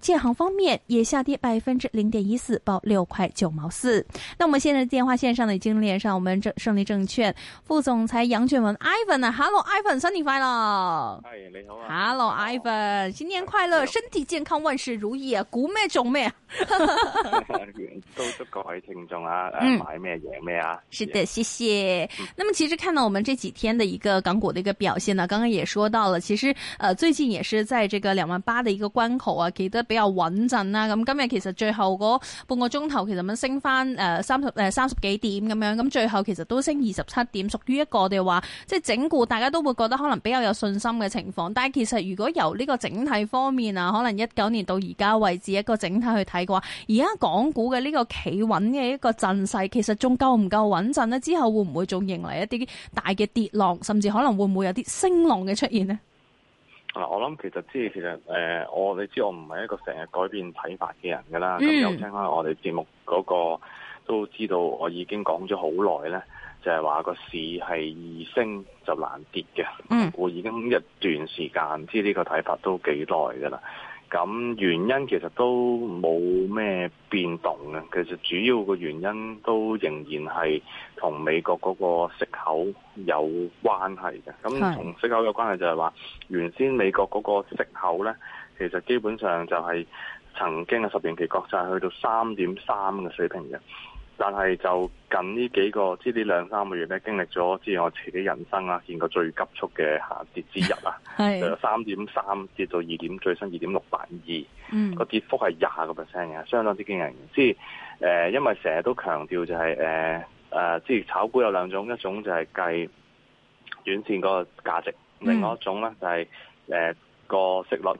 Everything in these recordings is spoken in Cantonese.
建行方面也下跌百分之零點一四，報六塊九毛四。那我們現在電話線上呢，已經連上我們正勝利證券副總裁楊俊文 Ivan 啊，Hello Ivan，三年、啊、快樂！哎，你好啊，Hello Ivan，新年快樂，身體健康，萬事如意，啊。國美中美估咩中咩。都祝各位聽眾啊，買咩贏咩啊！是的，謝謝、嗯。那麼其實看到我們這幾天的一個港股的一個表現呢、啊，剛剛也說到了，其實呃最近也是在這個兩萬八的一個關口啊得比較穩陣啦，咁今日其實最後嗰半個鐘頭其實咁升翻誒三十誒三十幾點咁樣，咁最後其實都升二十七點，屬於一個我哋話即係整固，大家都會覺得可能比較有信心嘅情況。但係其實如果由呢個整體方面啊，可能一九年到而家為止一個整體去睇嘅話，而家港股嘅呢個企穩嘅一個陣勢，其實仲夠唔夠穩陣呢？之後會唔會仲迎嚟一啲大嘅跌浪，甚至可能會唔會有啲升浪嘅出現呢？嗱，我諗其實即係，其實誒、呃，我你知我唔係一個成日改變睇法嘅人噶啦。咁、嗯、有聽返我哋節目嗰個，都知道我已經講咗好耐咧，就係、是、話個市係易升就難跌嘅。嗯，我已經一段時間，知呢個睇法都幾耐噶啦。咁原因其實都冇咩變動嘅，其實主要個原因都仍然係同美國嗰個息口有關係嘅。咁同息口有關係就係話，原先美國嗰個息口呢，其實基本上就係曾經嘅十年期國債去到三點三嘅水平嘅。但係就近呢幾個，即呢兩三個月咧，經歷咗即係我自己人生啦、啊，見過最急速嘅下跌之一啊，就三點三跌到二點，最新二點六八二，個跌幅係廿個 percent 嘅，相當之驚人。即係誒，因為成日都強調就係誒誒，即、呃、係、呃、炒股有兩種，一種就係計遠線嗰個價值，另外一種咧、嗯、就係、是、誒、呃嗰個息率，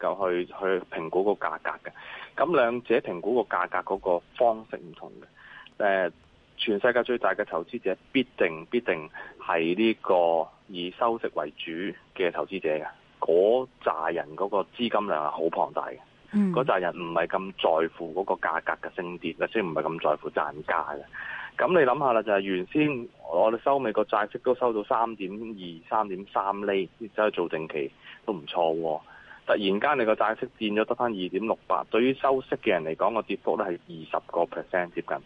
就去去評估個價格嘅。咁兩者評估個價格嗰個方式唔同嘅。誒，全世界最大嘅投資者必定必定係呢個以收息為主嘅投資者嘅嗰扎人嗰個資金量係好龐大嘅。嗯，嗰扎人唔係咁在乎嗰個價格嘅升跌，嗱，即係唔係咁在乎賺價嘅。咁你諗下啦，就係原先我哋收美國債息都收到三點二、三點三厘，即係做定期都唔錯喎。突然間你個債息變咗得翻二點六八，對於收息嘅人嚟講，個跌幅咧係二十個 percent 接近。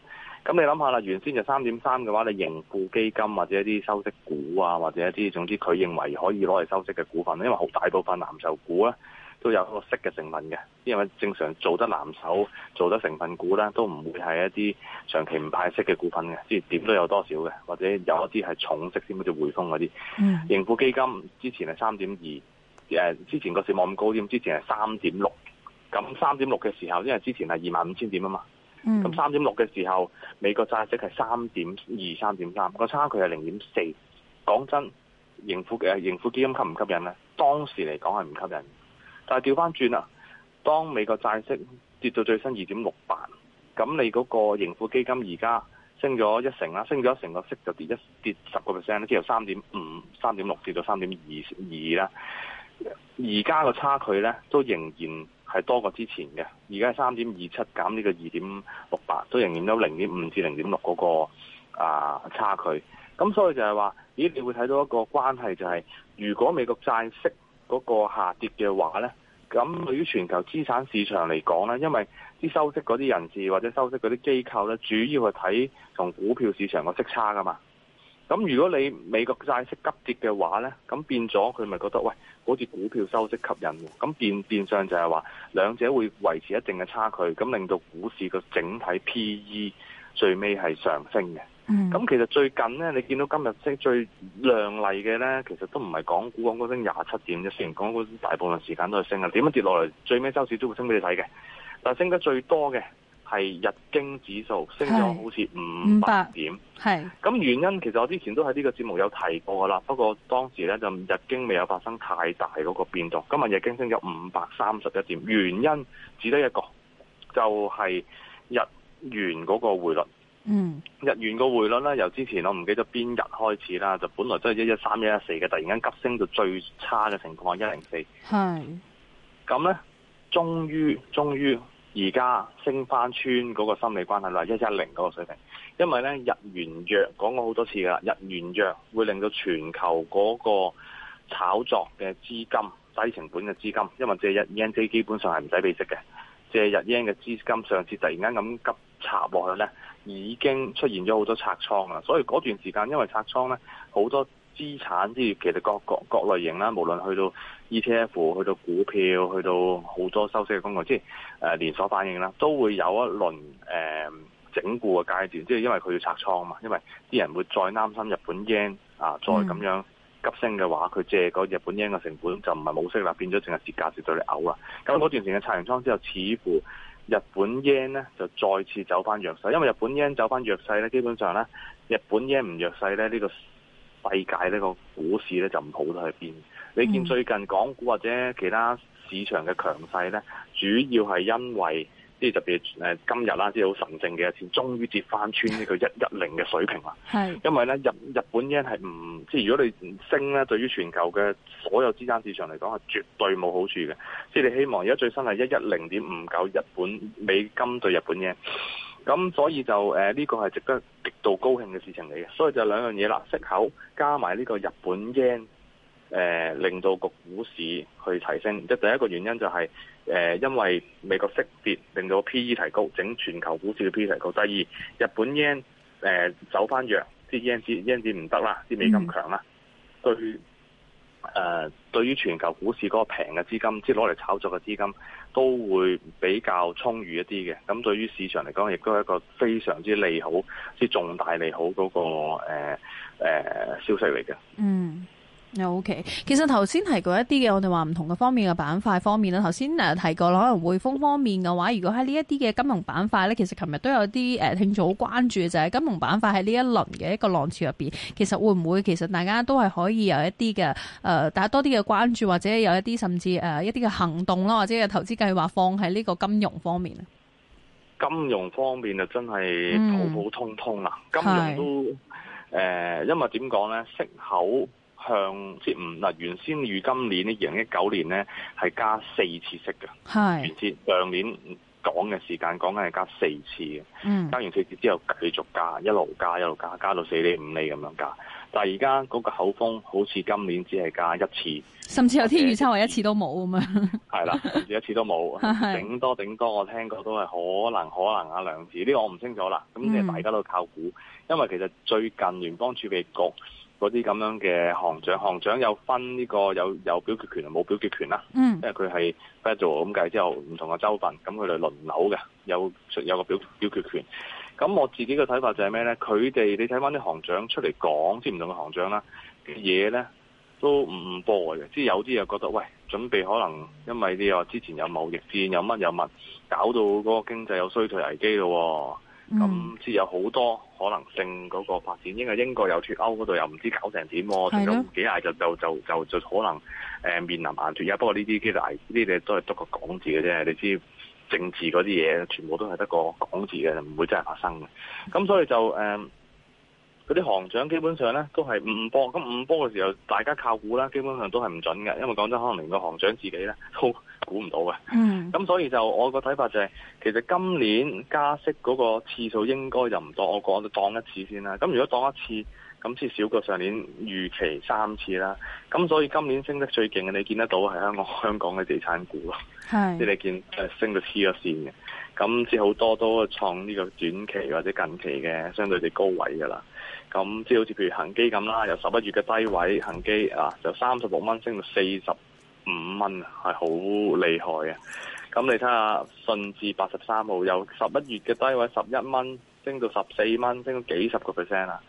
咁你諗下啦，原先就三點三嘅話，你盈富基金或者一啲收息股啊，或者一啲，總之佢認為可以攞嚟收息嘅股份，因為好大部分藍籌股咧都有個息嘅成分嘅，因為正常做得藍籌、做得成分股咧，都唔會係一啲長期唔派息嘅股份嘅，即係點都有多少嘅，或者有一啲係重息啲，好似匯豐嗰啲。嗯、mm.。盈富基金之前係三點二，之前個市冇咁高添，之前係三點六，咁三點六嘅時候，因為之前係二萬五千點啊嘛。咁三點六嘅時候，美國債息係三點二、三點三，個差距係零點四。講真，盈富嘅盈富基金吸唔吸引咧？當時嚟講係唔吸引，但係調翻轉啦！當美國債息跌到最新二點六八，咁你嗰個盈富基金而家升咗一成啦，升咗一成個息就跌一跌十個 percent 咧，即由三點五、三點六跌到三點二二啦。而家個差距咧，都仍然係多過之前嘅，而家係三點二七減呢個二點六八，都仍然有零點五至零點六嗰個啊差距。咁所以就係話，咦？你會睇到一個關係就係、是，如果美國債息嗰個下跌嘅話呢，咁對於全球資產市場嚟講呢，因為啲收息嗰啲人士或者收息嗰啲機構呢，主要係睇同股票市場個息差噶嘛。咁如果你美國債息急跌嘅話呢，咁變咗佢咪覺得喂，好似股票收息吸引，咁變變相就係話兩者會維持一定嘅差距，咁令到股市個整體 P/E 最尾係上升嘅。咁、mm. 其實最近呢，你見到今日升最亮麗嘅呢，其實都唔係港股，港股升廿七點啫，雖然港股大部分時間都係升嘅，點樣跌落嚟？最尾收市都會升俾你睇嘅，但升得最多嘅。係日經指數升咗好似五百點，係咁，原因其實我之前都喺呢個節目有提過噶啦，不過當時咧就日經未有發生太大嗰個變動，今日日經升咗五百三十一點，原因只得一個就係、是、日元嗰個匯率，嗯，日元個匯率咧由之前我唔記得邊日開始啦，就本來都係一一三一一四嘅，突然間急升到最差嘅情況一零四，係，咁咧終於終於。終於而家升翻穿嗰個心理關係，啦一一零嗰個水平，因為咧日元弱，講過好多次㗎啦，日元弱會令到全球嗰個炒作嘅資金低成本嘅資金，因為借日 yen 基本上係唔使俾息嘅，借日 yen 嘅資金上次突然間咁急插落去咧，已經出現咗好多拆倉啦，所以嗰段時間因為拆倉咧好多。資產即係其實各各各類型啦，無論去到 ETF、去到股票、去到好多收息嘅工具，即係誒、呃、連鎖反應啦，都會有一輪誒、呃、整固嘅階段。即係因為佢要拆倉嘛，因為啲人會再擔心日本 yen 啊，再咁樣急升嘅話，佢借個日本 yen 嘅成本就唔係冇息啦，變咗淨係跌價，跌到你嘔啦。咁、嗯、嗰段時間拆完倉之後，似乎日本 yen 咧就再次走翻弱勢，因為日本 yen 走翻弱勢咧，基本上咧日本 yen 唔弱勢咧呢、呢個世界呢個股市咧就唔好得去邊？你見最近港股或者其他市場嘅強勢咧，主要係因為啲特別誒今日啦，啲好神聖嘅一線終於跌翻穿呢個一一零嘅水平啦。係，因為咧日日本 yen 係唔即係如果你升咧，對於全球嘅所有資產市場嚟講係絕對冇好處嘅。即係你希望而家最新係一一零點五九日本美金對日本 yen。咁所以就誒呢個係值得極度高興嘅事情嚟嘅，所以就兩樣嘢啦，息口加埋呢個日本 yen、呃、令到個股市去提升，即係第一個原因就係誒因為美國息跌令到 P E 提高，整全球股市嘅 P E 提高。第二，日本 yen 走翻弱，啲 yen 子 yen 子唔得啦，啲美金咁強啦，對。誒，對於全球股市嗰個平嘅資金，即係攞嚟炒作嘅資金，都會比較充裕一啲嘅。咁對於市場嚟講，亦都係一個非常之利好，即係重大利好嗰、那個誒誒、呃、消息嚟嘅。嗯。OK，其實頭先提過一啲嘅，我哋話唔同嘅方面嘅板塊方面啦。頭先誒提過可能匯豐方面嘅話，如果喺呢一啲嘅金融板塊呢，其實琴日都有啲誒，聽眾好關注就係、是、金融板塊喺呢一輪嘅一個浪潮入邊，其實會唔會其實大家都係可以有一啲嘅誒，打多啲嘅關注，或者有一啲甚至誒、呃、一啲嘅行動啦，或者嘅投資計劃放喺呢個金融方面。金融方面啊，真係普普通通啦，嗯。金融都誒、呃，因為點講呢？息口。向接唔嗱？原先預今年 ,2019 年呢，二零一九年呢，係加四次息嘅。係，上次上年講嘅時間講緊係加四次嘅。嗯，加完四次之後繼續加，一路加一路加，加，加到四厘五厘咁樣加。但係而家嗰個口風好似今年只係加一次，甚至有天預測為一次都冇咁樣。係 啦，一次都冇， 頂多頂多我聽過都係可能可能啊兩次。呢、呢個我唔清楚啦。咁即係大家都靠估、嗯，因為其實最近聯邦儲備局。嗰啲咁樣嘅行長，行長有分呢個有有表決權啊，冇表決權啦。嗯，因為佢係 t 一做咁計，之後唔同嘅州份，咁佢哋輪流嘅，有有個表表決權。咁我自己嘅睇法就係咩呢？佢哋你睇翻啲行長出嚟講，即唔同嘅行長啦嘅嘢呢都唔播嘅。即有啲又覺得，喂，準備可能因為呢個之前有貿易戰，有乜有乜，搞到嗰個經濟有衰退危機咯、哦。咁、嗯、似有好多可能性嗰個發展，因為英國有脱歐嗰度又唔知搞成點，仲咗幾大就就就就就可能面臨難度。而不過呢啲其實呢啲都係得個講字嘅啫，你知政治嗰啲嘢全部都係得個講字嘅，唔會真係發生嘅。咁所以就、嗯嗰啲行長基本上咧都係唔波，咁唔波嘅時候，大家靠估啦，基本上都係唔準嘅，因為講真，可能連個行長自己咧都估唔到嘅。嗯。咁所以就我個睇法就係、是，其實今年加息嗰個次數應該就唔多，我講就當一次先啦。咁如果當一次，咁至少過上年預期三次啦。咁所以今年升得最勁嘅，你見得到係香港香港嘅地產股咯。係、mm。即係見誒升到黐咗線嘅。咁即好多都創呢個短期或者近期嘅相對嘅高位㗎啦。咁即係好似譬如恒基咁啦，由十一月嘅低位恒基啊，就三十六蚊升到四十五蚊，係好厲害嘅。咁你睇下信置八十三號，由十一月嘅低位十一蚊升到十四蚊，升到幾十個 percent 啦。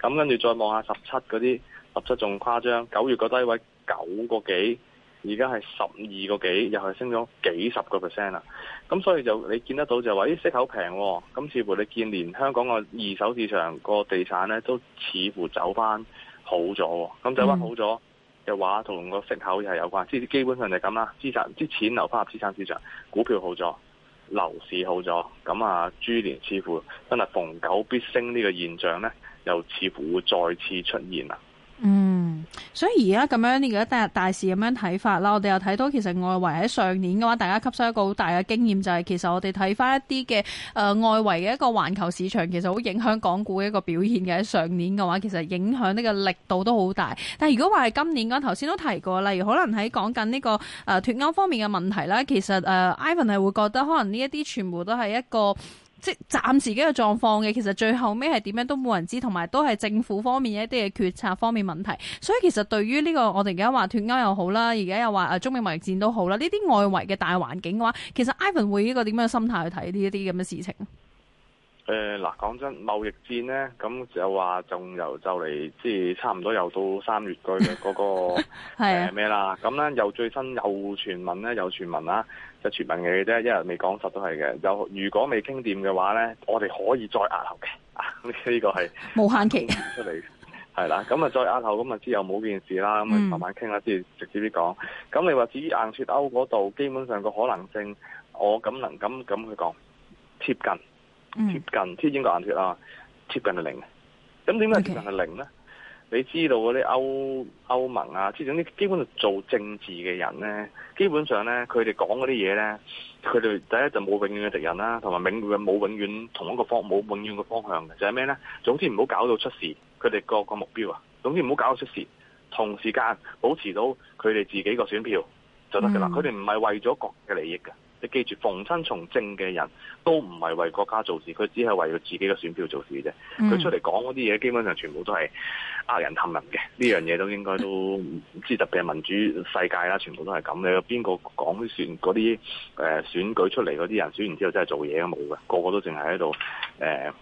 咁跟住再望下十七嗰啲，十七仲誇張，九月嘅低位九個幾。而家係十二個幾，又係升咗幾十個 percent 啦。咁所以就你見得到就話，咦息口平喎、哦。咁似乎你見連香港個二手市場個地產咧都似乎走翻好咗。咁走翻好咗嘅話，同個息口又係有關。即、嗯、係基本上就咁啦。資產啲錢流翻入資產市場，股票好咗，樓市好咗。咁啊，豬年似乎真係逢九必升呢個現象咧，又似乎會再次出現啦。嗯。所以而家咁樣，呢個大大事咁樣睇法啦，我哋又睇到其實外圍喺上年嘅話，大家吸收一個好大嘅經驗，就係、是、其實我哋睇翻一啲嘅誒外圍嘅一個環球市場，其實好影響港股嘅一個表現嘅喺上年嘅話，其實影響呢個力度都好大。但係如果話係今年嘅，頭先都提過，例如可能喺講緊呢個誒脫歐方面嘅問題啦，其實，誒、呃、，Ivan 係會覺得可能呢一啲全部都係一個。即係暫時嘅狀況嘅，其實最後尾係點樣都冇人知，同埋都係政府方面一啲嘅決策方面問題。所以其實對於呢、這個我哋而家話脫鈎又好啦，而家又話誒中美貿易戰都好啦，呢啲外圍嘅大環境嘅話，其實 Ivan 會呢個點樣嘅心態去睇呢一啲咁嘅事情？誒、呃、嗱，講真貿易戰呢，咁就話仲由就嚟，即係差唔多又到三月句嘅嗰個誒咩、 啊呃、啦，咁呢又最新又傳聞呢，又傳聞啦、啊。就傳聞嘅啫，一日未講實都係嘅。有如果未傾掂嘅話咧，我哋可以再押後嘅。啊，呢個係無限期出嚟，係 啦。咁啊再押後，咁啊之後冇件事啦。咁啊慢慢傾下先，直接啲講。咁你話至於硬脫歐嗰度，基本上個可能性，我咁能咁咁去講，貼近貼近，貼、嗯、近英國硬脫啊，貼近係零。咁點解貼近係零咧？Okay. 你知道嗰啲歐歐盟啊，即係總之基本上做政治嘅人咧，基本上咧佢哋講嗰啲嘢咧，佢哋第一就冇永遠嘅敵人啦，同埋永遠冇永遠同一個方冇永遠嘅方向嘅，就係咩咧？總之唔好搞到出事，佢哋各個目標啊，總之唔好搞到出事，同時間保持到佢哋自己個選票就得嘅啦。佢哋唔係為咗國嘅利益㗎。你記住，逢親從政嘅人都唔係為國家做事，佢只係為咗自己嘅選票做事啫。佢、mm. 出嚟講嗰啲嘢，基本上全部都係呃、啊、人氹人嘅。呢樣嘢都應該都唔知，特別係民主世界啦，全部都係咁嘅。邊個講選嗰啲誒選舉出嚟嗰啲人，選完之後真係做嘢都冇嘅，個個都淨係喺度誒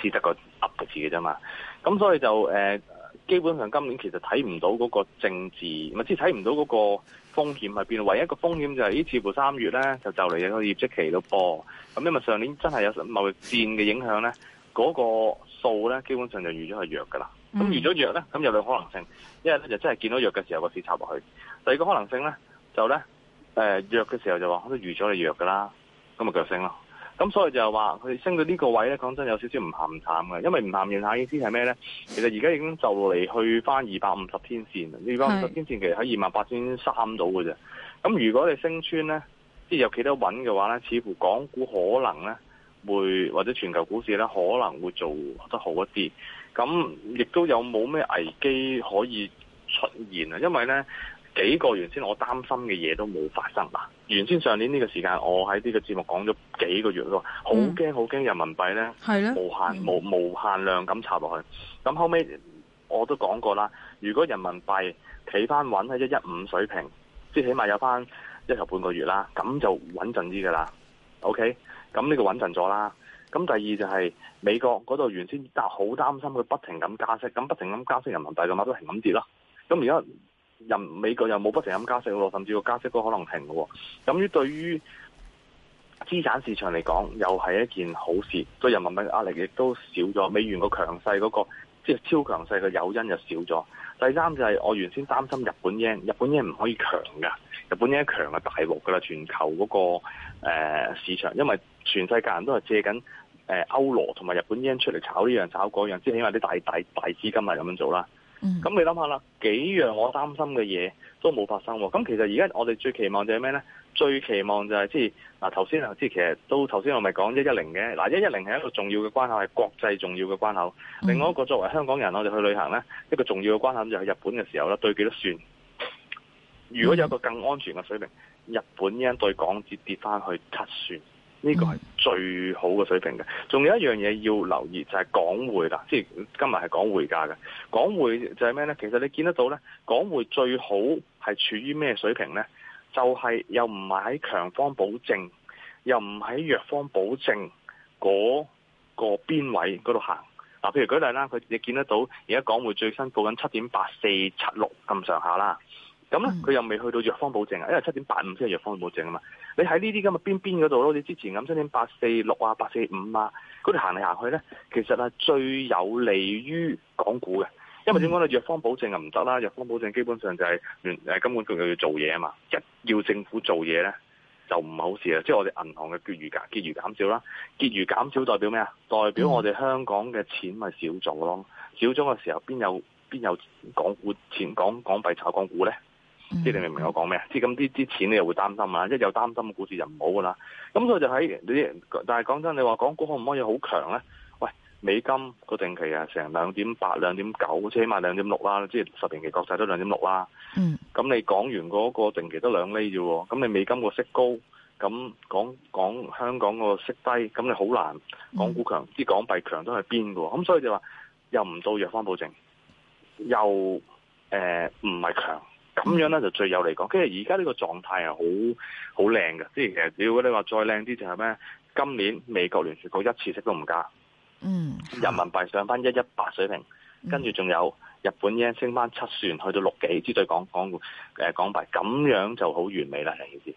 黐得個噏嘅字嘅啫嘛。咁所以就誒。呃基本上今年其實睇唔到嗰個政治，咪即係睇唔到嗰個風險係邊。唯一一個風險就係依似乎三月咧就就嚟有個業績期到波。咁因為上年真係有貿易戰嘅影響咧，嗰個數咧基本上就預咗係弱㗎啦。咁預咗弱咧，咁有兩個可能性：一係咧就真係見到弱嘅時候個市插落去；第二個可能性咧就咧誒弱嘅時候就話都預咗你弱㗎啦，咁咪繼續升咯。咁所以就係話，佢升到呢個位咧，講真有少少唔鹹唔淡嘅，因為唔鹹唔淡意思係咩咧？其實而家已經就嚟去翻二百五十天線，二百五十天線其實喺二萬八千三度㗎啫。咁如果你升穿咧，即係有幾多穩嘅話咧，似乎港股可能咧會或者全球股市咧可能會做得好一啲。咁亦都有冇咩危機可以出現啊？因為咧。幾個原先我擔心嘅嘢都冇發生嗱，原先上年呢個時間我喺呢個節目講咗幾個月啦，好驚好驚人民幣咧，係咧無限、mm. 無限量咁插落去，咁後尾我都講過啦，如果人民幣企翻穩喺一一五水平，即係起碼有翻一頭半個月啦，咁就穩陣啲噶啦。OK，咁呢個穩陣咗啦。咁第二就係美國嗰度原先真係好擔心佢不停咁加息，咁不停咁加息人民幣嘅話都係咁跌啦。咁而家人美國又冇不停咁加息，甚至個加息都可能停喎。咁於對於資產市場嚟講，又係一件好事，對人民幣嘅壓力亦都少咗。美元個強勢嗰、那個即係超強勢嘅誘因又少咗。第三就係我原先擔心日本 yen 日，日本 yen 唔可以強㗎。日本 yen e 強係大鑊㗎啦，全球嗰、那個、呃、市場，因為全世界人都係借緊歐羅同埋日本 yen 出嚟炒呢、這、樣、個、炒嗰、這、樣、個，即係起碼啲大大大資金係咁樣做啦。咁你諗下啦，幾樣我擔心嘅嘢都冇發生喎、啊。咁其實而家我哋最期望就係咩呢？最期望就係即係嗱，頭先即係其實都頭先我咪講一一零嘅嗱，一一零係一個重要嘅關口，係國際重要嘅關口。另外一個作為香港人，我哋去旅行呢，一個重要嘅關口就係日本嘅時候啦，對幾多算。如果有一個更安全嘅水平， 日本一對港紙跌翻去七算。呢個係最好嘅水平嘅，仲有一樣嘢要留意就係、是、港匯啦，即係今日係港匯價嘅港匯就係咩呢？其實你見得到呢，港匯最好係處於咩水平呢？就係、是、又唔係喺強方保證，又唔喺弱方保證嗰個邊位嗰度行。嗱，譬如舉例啦，佢你見得到而家港匯最新報緊七點八四七六咁上下啦。咁、嗯、咧，佢又未去到弱方保證啊，因為七點八五先係弱方保證啊嘛。你喺呢啲咁嘅邊邊嗰度咯，你之前咁七點八四六啊，八四五啊，嗰度行嚟行去咧，其實係最有利於港股嘅，因為點講咧？弱方保證又唔得啦，弱方保證基本上就係、誒、根本佢要要做嘢啊嘛。一要政府做嘢咧，就唔係好事啦。即係我哋銀行嘅結餘減，結餘減少啦，結餘減少代表咩啊？代表我哋香港嘅錢咪少咗咯。少咗嘅時候有，邊有邊有港股、前港港幣炒港股咧？即係你明唔明我講咩？即係咁啲啲錢你又會擔心啊，一有擔心嘅，股市就唔好噶啦。咁所以就喺你，但係講真，你話港股可唔可以好強咧？喂，美金、mm. 嗯嗯、個定期啊，成兩點八、兩點九，即起碼兩點六啦。即係十年期國債都兩點六啦。嗯。咁你港元嗰個定期都兩厘啫，咁你美金個息高，咁港港香港個息低，咁你好難港股強，啲港幣強都係邊噶？咁所以就話又唔到弱方保證，又誒唔係強。呃咁樣咧就最有嚟講，跟住而家呢個狀態係好好靚嘅，即係其實如果你話再靚啲就係咩？今年美國聯儲局一次息都唔加，嗯，人民幣上翻一一八水平，跟住仲有日本 yen 升翻七船去到六幾，支，對港港誒港幣，咁樣就好完美啦，係意思。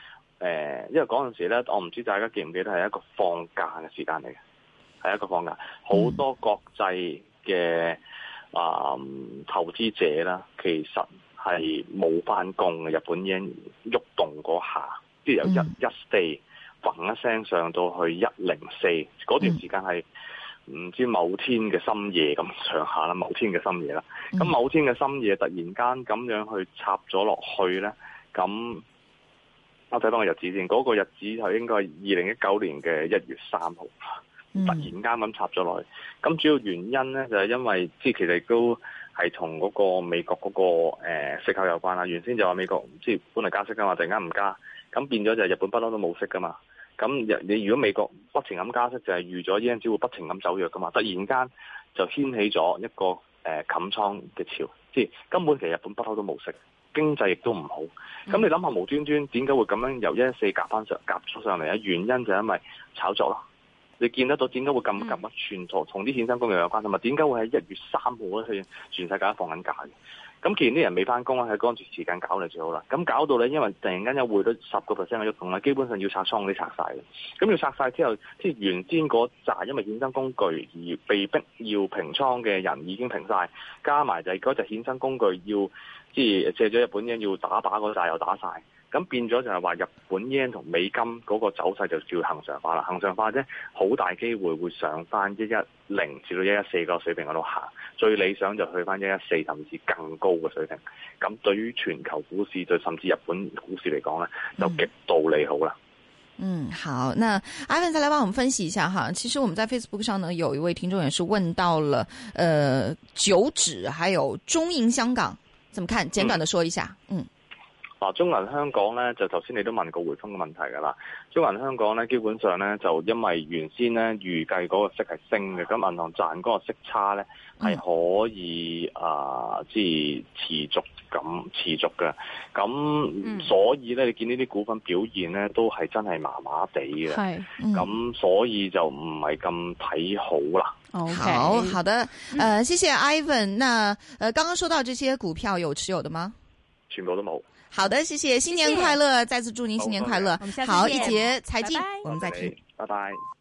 誒，因為嗰陣時咧，我唔知大家記唔記得係一個放假嘅時間嚟嘅，係一個放假，好多國際嘅啊、嗯嗯、投資者啦，其實係冇翻工嘅。日本 yen 喐動嗰下，即、嗯、係由一一四，嘣一聲上到去一零四，嗰段時間係唔、嗯、知某天嘅深夜咁上下啦，某天嘅深夜啦，咁、嗯、某天嘅深夜突然間咁樣去插咗落去咧，咁。我睇翻、那個日子先，嗰個日子就應該係二零一九年嘅一月三號、嗯，突然間咁插咗落去。咁主要原因咧就係、是、因為即係其實都係同嗰個美國嗰、那個誒息口有關啦。原先就話美國即係本嚟加息嘅嘛，突然間唔加，咁變咗就係日本不嬲都冇息嘅嘛。咁你如果美國不停咁加息，就係、是、預咗依樣只會不停咁走弱㗎嘛。突然間就掀起咗一個誒冚、呃、倉嘅潮，即係根本其實日本不嬲都冇息。經濟亦都唔好，咁你諗下無端端點解會咁樣由一一四夾翻上夾咗上嚟啊？原因就係因為炒作咯。你見得到點解會咁咁一寸錯，同啲衍生工具有關係嘛？點解會喺一月三號咧，去全世界都放緊假嘅？咁既然啲人未翻工，喺嗰段時間搞就最好啦。咁搞到咧，因為突然間有匯率十個 percent 嘅喐動啦，基本上要拆倉嗰啲拆晒嘅。咁要拆晒之後，即係原先嗰紮因為衍生工具而被逼要平倉嘅人已經平晒。加埋就係嗰隻衍生工具要即係借咗日本 yen 要打靶嗰紮又打晒。咁變咗就係話日本 yen 同美金嗰個走勢就叫恒常化啦。恒常化啫，好大機會會上翻一一零至到一一四個水平嗰度行。最理想就去返一一四甚至更高嘅水平，咁對於全球股市，對甚至日本股市嚟講呢，就極度利好啦。嗯。嗯，好，那阿文，再來幫我們分析一下哈。其實我們在 Facebook 上呢，有一位聽眾也是問到了，呃，九指還有中銀香港，怎麼看？簡短的說一下，嗯。嗯嗱、啊，中銀香港咧就頭先你都問過匯豐嘅問題噶啦。中銀香港咧基本上咧就因為原先咧預計嗰個息係升嘅，咁銀行賺嗰個息差咧係可以誒，即、嗯、係、呃、持續咁持續嘅。咁、嗯、所以咧，你見呢啲股份表現咧都係真係麻麻地嘅。係咁、嗯，所以就唔係咁睇好啦。Okay, 好、嗯，好的，誒、呃，謝謝 Ivan 那。那、呃、誒，剛剛說到這些股票有持有的嗎？全部都冇。好的，謝謝，新年快樂，謝謝！再次祝您新年快樂。好，好好，一節財經拜拜，我們再聽。拜、Okay, 拜。